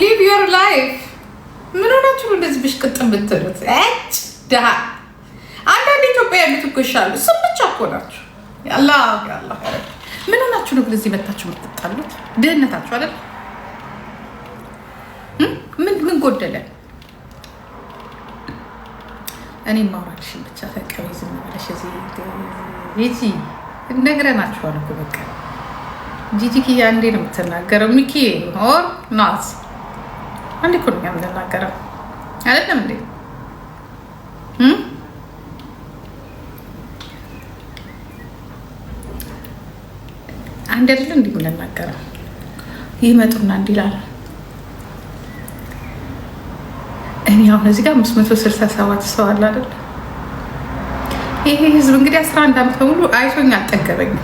ሊቭ ዮር ላይፍ። ምን ሆናችሁ እንደዚህ ብሽቅጥ የምትሉት? ች ድሃ አንዳንድ ኢትዮጵያ ያሉት እኮ ይሻሉ። ስም ብቻ እኮ ናችሁ። ያላ ያላ ምን ሆናችሁ ነው እዚህ መታችሁ የምትጣሉት? ድህነታችሁ አይደል? ምን ምን ጎደለ? እኔ ማውራልሽን ብቻ ተቀበይ። ዝም ብለሽ እዚህ ነግረናችኋል እኮ በቃ ጂጂክያ አንዴ ነው የምትናገረው። ሚኪ ኦር ናት አንዴ እኮ ነው የምትናገረው አይደለም እንዴ? አንድ አይደለም እንዴ የምንናገረው? ይመጡና እንዲህ ይላሉ። እኔ አሁን እዚህ ጋር አምስት መቶ ስልሳ ሰባት ሰው አለ አይደል? ይሄ ህዝብ እንግዲህ አስራ አንድ አመት በሙሉ አይቶኝ አልጠገበኝም።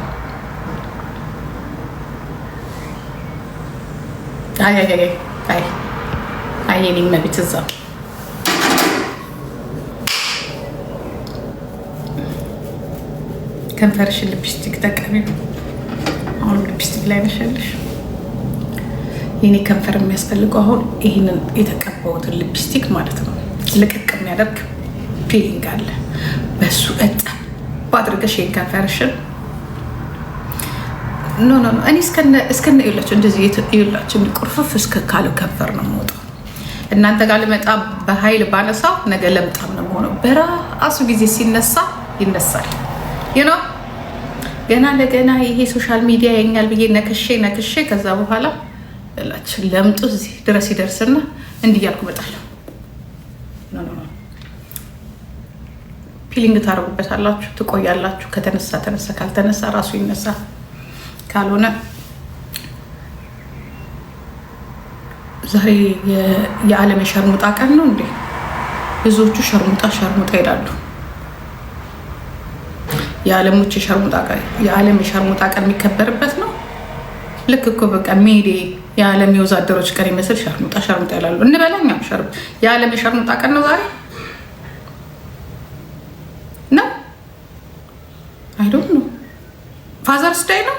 አየኔ መቤት እዛ ከንፈርሽን ልፕስቲክ ተቀቢ። አሁን ልፕስቲክ ላይ ነሸልሽ። የኔ ከንፈር የሚያስፈልገው አሁን ይህንን የተቀባሁትን ልፕስቲክ ማለት ነው። ልቅቅ የሚያደርግ ፊሊንግ አለ። በሱ እጣ ባድርገሽ ይሄን ከንፈርሽን ኖ ኖ ኖ እኔ እስከነ የላቸው እንደዚህ የላቸው ቁርፍፍ እስከ ካለ ከንፈር ነው የምወጣው። እናንተ ጋር ልመጣ በኃይል ባነሳው ነገ ለምጣም ነው የምሆነው። በራሱ ጊዜ ሲነሳ ይነሳል። ይኖ ገና ለገና ይሄ ሶሻል ሚዲያ ያኛል ብዬ ነክሼ ነክሼ ከዛ በኋላ ላችን ለምጡ እዚህ ድረስ ይደርስና እንዲህ እያልኩ እመጣለሁ። ፒሊንግ ታደርጉበታላችሁ፣ ትቆያላችሁ። ከተነሳ ተነሳ፣ ካልተነሳ ራሱ ይነሳል። ካልሆነ ዛሬ የዓለም የሸርሙጣ ቀን ነው እንዴ? ብዙዎቹ ሸርሙጣ ሸርሙጣ ይሄዳሉ። የዓለሞች የዓለም የሸርሙጣ ቀን የሚከበርበት ነው። ልክ እኮ በቃ ሜዴ የዓለም የወዛደሮች ቀን ይመስል ሸርሙጣ ሸርሙጣ ይላሉ። እንበላኛም የዓለም የሸርሙጣ ቀን ነው ዛሬ ነው። አይ ነው ፋዘርስ ዳይ ነው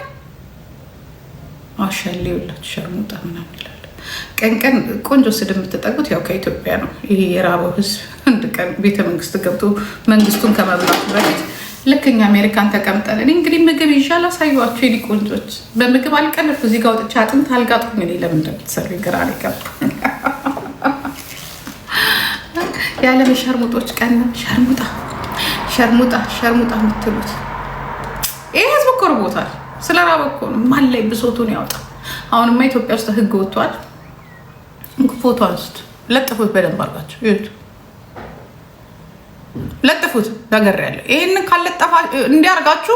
ማሻሌ የላችሁ ሸርሙጣ ምናምን ይላል። ቀን ቀን ቆንጆ ስድብ የምትጠቁት ያው ከኢትዮጵያ ነው። ይሄ የራበው ህዝብ አንድ ቀን ቤተ መንግስት ገብቶ መንግስቱን ከመብላቱ በፊት ልክ እኛ አሜሪካን ተቀምጠን እኔ እንግዲህ ምግብ ይዣል አሳዩዋቸው የኔ ቆንጆች በምግብ አልቀለፍ እዚህ ጋር ወጥቼ አጥንት አልጋጡኝ። እኔ ለምን እንደምትሰሩ ግራ አልገባኝ። የዓለም የሸርሙጦች ቀን ሸርሙጣ ሸርሙጣ ሸርሙጣ የምትሉት ይህ ህዝብ ኮርቦታል። ስለ ራብ እኮ ነው። ማን ላይ ብሶቱን ያወጣ? አሁንማ ኢትዮጵያ ውስጥ ህግ ወጥቷል። ፎቶ አንስት ለጥፉት፣ በደንብ አድርጋችሁ ይዩት፣ ለጥፉት። ነገር ያለው ይህን ካለጠፋ እንዲያርጋችሁ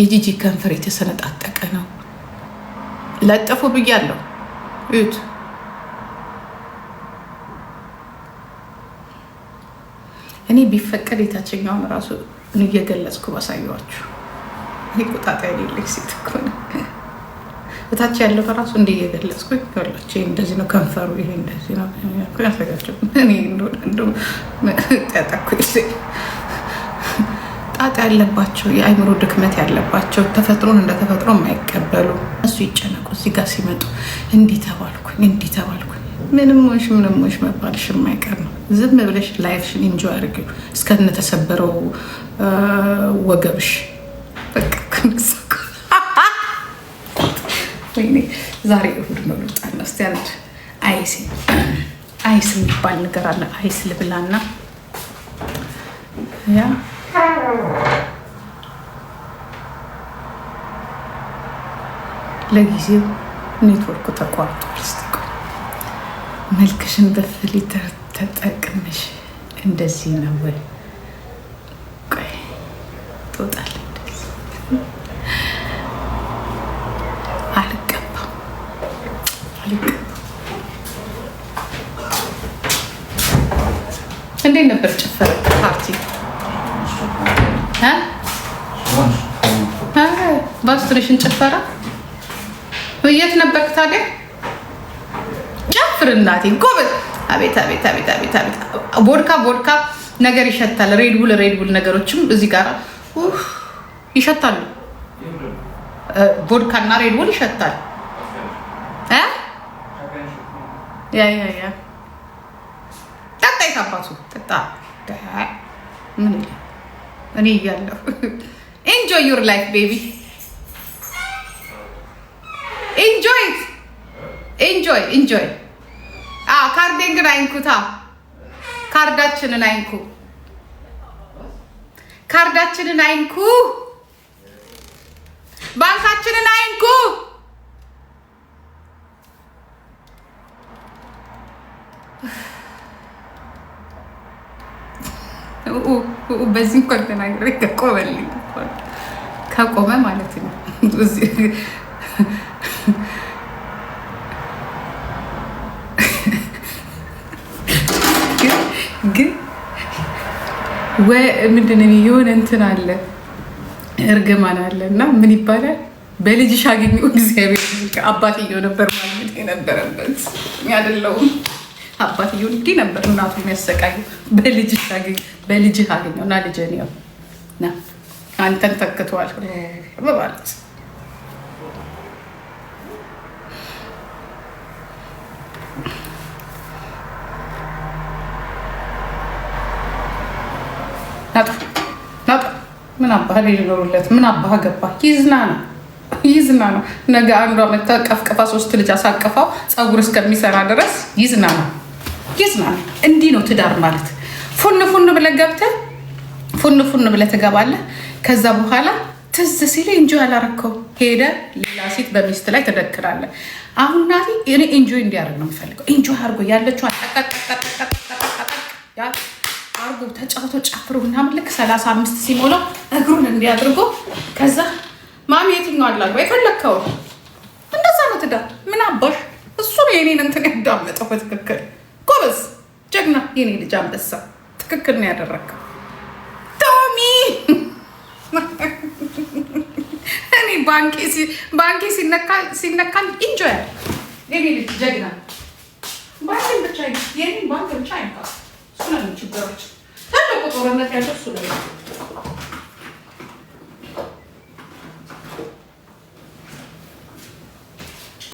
የጂጂ ከንፈር የተሰነጣጠቀ ነው። ለጥፉ ብያለሁ፣ ይዩት። እኔ ቢፈቀድ የታችኛውን ራሱ እየገለጽኩ ባሳየዋችሁ ቁጣጣ የሌለች ሴት እኮ ነው። እታች ያለው በራሱ እንዲህ እየገለጽኩኝ ያላቸው እንደዚህ ነው፣ ከንፈሩ ይሄ እንደዚህ ነው። ያሳጋቸው እኔ ጣጣኩ ጣጣ ያለባቸው የአይምሮ ድክመት ያለባቸው ተፈጥሮን እንደ ተፈጥሮ የማይቀበሉ እሱ ይጨነቁ። እዚህ ጋር ሲመጡ እንዲህ ተባልኩኝ፣ እንዲህ ተባልኩኝ። ምንም ሆንሽ ምንም ሆንሽ መባልሽ የማይቀር ነው። ዝም ብለሽ ላይፍሽን ኢንጆይ አድርጊው እስከነተሰበረው ወገብሽ ዛሬ እሑድ ነው። ልጣና እስኪ አንድ አይስ አይስ የሚባል ነገር አለ። አይስ ልብላና ያ ለጊዜው ኔትወርኩ ተቋርጧል። ስጠቀ መልክሽን ተጠቅምሽ እንደዚህ ነው ወይ? በአስትሬሽን ጭፈራ የት ነበርክ ታዲያ? ጨፍር እናቴ ጎበዝ። አቤት አቤት አቤት አቤት አቤት ቦድካ ቦድካ ነገር ይሸታል። ሬድቡል ሬድቡል ነገሮችም እዚህ ጋር ይሸታሉ። ቦድካ እና ሬድቡል ይሸታል። ጠጣ የታባቱ ጠጣ። ምን እኔ እያለሁ ኢንጆይ ዩር ላይፍ ቤቢ ኢንጆይ ኢንጆይ። ah, ካርዴን ግን አይንኩታ። ካርዳችንን አይንኩ፣ ካርዳችንን አይንኩ፣ ባንካችንን አይንኩ። በዚህ እንኳን ተናግሬ ከቆመልኝ ከቆመ ማለት ነው። ምንድን የሆነ እንትን አለ እርግማን አለ እና ምን ይባላል? በልጅሽ አገኘሁ እግዚአብሔር አባትየው ነበር ማለት የነበረበት ያደለውም አባትየው እንዲህ ነበር እናቱ የሚያሰቃዩ በልጅሽ አገኘሁ እና ልጅን ያው አንተን ተክተዋል በማለት ናጡ ናጡ። ምን አባህ ሊኖሩለት ምን አባህ ገባ። ይዝና ነው ይዝና ነው። ነገ አንዷ መታ ቀፍቀፋ ሶስት ልጅ አሳቀፋው ፀጉር እስከሚሰራ ድረስ ይዝና ነው ይዝና ነው። እንዲህ ነው ትዳር ማለት። ፉን ፉን ብለህ ገብተህ ፉን ፉን ብለህ ትገባለህ። ከዛ በኋላ ትዝ ሲል እንጆ ያላረከው ሄደ ሌላ ሴት በሚስት ላይ ትደክራለህ። አሁን ናቲ እኔ እንጆ እንዲያደርግ ነው የምፈልገው። እንጆ አድርጎ ያለችው ተጫውቶ ጨፍሮ ምናምን ልክ ሰላሳ አምስት ሲሞላው እግሩን እንዲያድርጎ ከዛ ማሚ የትኛው አላሉ የፈለግከው እንደዛ ነው ትዳር። ምን አባሽ እሱ ነው የኔን እንትን ያዳመጠው። በትክክል ጎበዝ፣ ጀግና፣ የኔ ልጅ አንበሳ። ትክክል ነው ያደረግከው ቶሚ። እኔ ባንኬ ሲነካል ኢንጆይ የኔ ልጅ ጀግና። ባንኬን ብቻ የኔን ባንክ ብቻ አይንካ። እሱ ነው ችግሮች по коронавирусу.